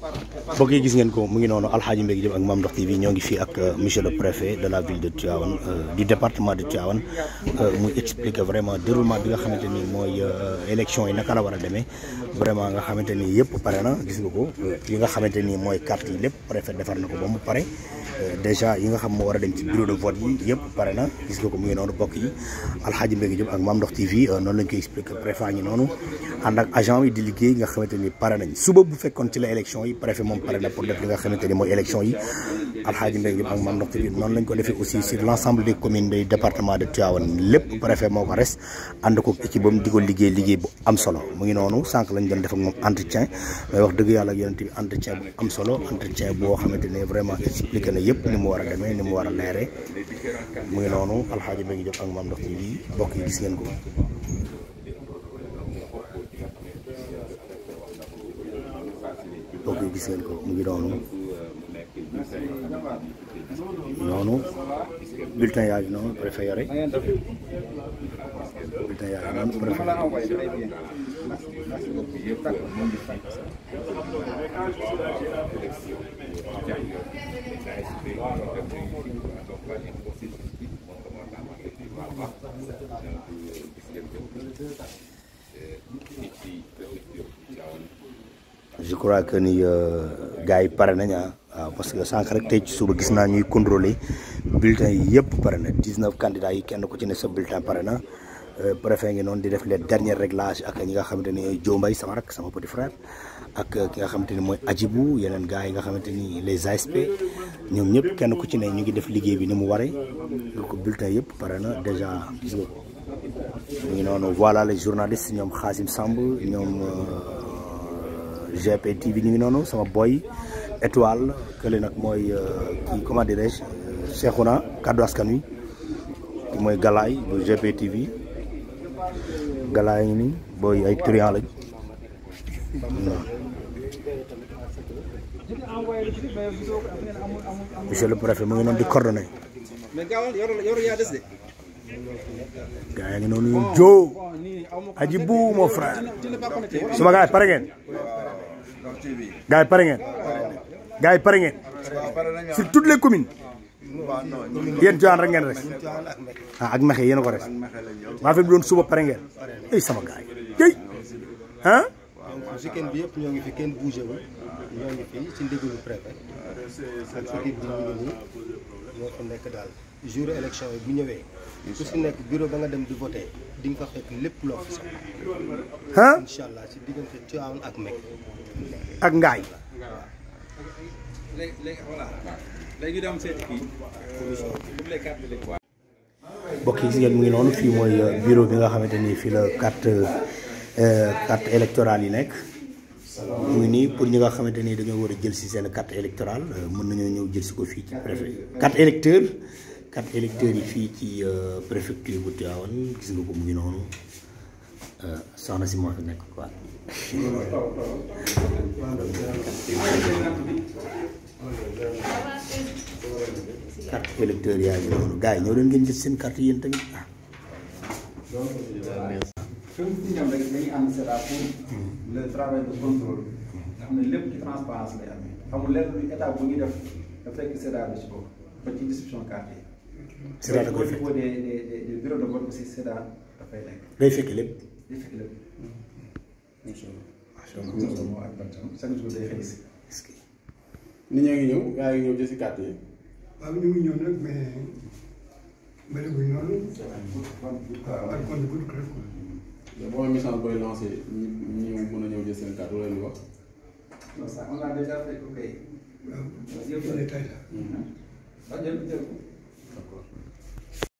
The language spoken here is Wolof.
par mbokk yi gis ngeen ko mu ngi noonu Alxaaji Mbégi Diop ak Mame Ndokh TV ñoo ngi fii ak euh, monsieur le préfet de la ville de Tivaouane euh, du département de Tivaouane euh, muy expliquer vraiment déroulement bi nga xamante ni mooy élection yi naka la war a demee vraiment nga xamante ni yëpp pare na gis nga ko yi nga xamante ni mooy carte yi lépp préfet defar na ko mu yi nga xam moo war a ci de vote yëpp pare na gis nga ko mu ngi noonu mbokk yi Alxaaji Mbégi Diop ak Mame Ndokh TV noonu lañ koy expliquer préfet ñi noonu ànd ak agent yi di liggéey nga xamante pare nañ suba bu fekkoon préfet moom pare na pour def li nga xamante ni mooy élection yi alxaaji Mbaye Diop ak Mame Ndokh Tidiane noonu lañ ko defee aussi sur l' ensemble des communes du département de Tivaouane lépp préfet moo ko res ànd ko équipe bam di ko liggéey liggéey bu am solo mu ngi noonu sànq lañ doon def ak moom entretien mais wax dëgg yàlla yonent bi entretien bu am solo entretien boo xamante ne vraiment expliqué na yëpp ni mu war a ni mu war a leeree mu ngi noonu alxaaji Mbaye Diop ak Mame Ndokh Tidiane mbokk yi gis ngeen ko ngeen gis ngeen ko mu ngi noonu noonu bulletin yaa ngi noonu préfet yore bulletin yaa ngi noonu préfet yore je crois que ni euh, gars yi pare nañ ah. parce que sànq rek tey ci suba gis naa ñuy contrôler bulletin yi yëpp pare na 19 candidats yi kenn ku ci ne sa bulletin pare na euh, préfet ngi noonu di def les derniers réglages ak ñi nga xamante ni Diop Mbaye sama rak sama petit frère ak euh, ki nga xamante ni mooy Ajibu yeneen gars yi nga xamante ni les ASP ñoom ñëpp kenn ku ci ne ñu ngi def liggéey bi ni mu waree donc bulletin yëpp pare na déjà gis nga ko ñu ngi noonu voilà les journalistes Samb ñoom. GP TV ñu ngi noonu sama boy étoile kële nag mooy euh, kii comment dirais-je euh, Cheikhouna kaddu askan wi ki mooy Galaay bu GP TV ni booy ay triant lañ hmm. monsieur le préfet mu noonu di coordonné gaa ngi noonu joo aji bu frère suma gars pare ngeen gars yi pare ngeen. gars yi pare ngeen. sur toutes les communes. yéen Tivaouane rek ngeen res ah ak Mekhe yéen a ko res maa fi doon suba pare ngeen ay sama gars yi tey ah. weekend yëpp ñoo ngi fi kenn bougé wul ñoo ngi fi jour élection yi ñëwee. ku si nekk bureau ba nga dem di voté di nga fa lépp loo fa allah si diggante Tivaouane ak Mekk. ngeen mu ngi noonu fii mooy euh, bureau bi nga xamante ni fii la carte euh, carte électorale yi nekk. mu ngi nii pour ñi nga xamante ni dañoo war a jël si seen carte électorale euh, mën nañoo ñëw jël si ko fii ci préfet carte électeur. carte électeur yi fii ci euh, préfecture bu Tivaouane gis nga ko mu ngi noonu euh, soxna si moo fi nekk quoi. carte électeur yaa noonu gars yi ñoo doon ngeen jël seen carte yéen tamit ah. comme si ñoom rek dañuy am c'est là pour travail de contrôle nga xam ne lépp ci transparence lay amee amul lenn état bu ñu def nga fekk c'est là bi bopp ba ci distribution carte yi SIDA da koy fekk au niveau des des des bureaux de vote aussi SIDA da koy nekk. day fekk lépp. day fekk lépp. macha allah. macha allah ak bant chaque jour day xëy si. est-ce que nit ñaa ngi ñëw yaa ngi ñëw jël si carte yi. waaw ñu ngi ñëw nag mais bëri bu ñu noonu. waaw ak compte bu dul kër quoi. boo amee message booy lancé ñu ñu mën a ñëw jël seen carte loolu la ñuy wax. non ça on l'a déjà fait ok. waaw ah, jël ko.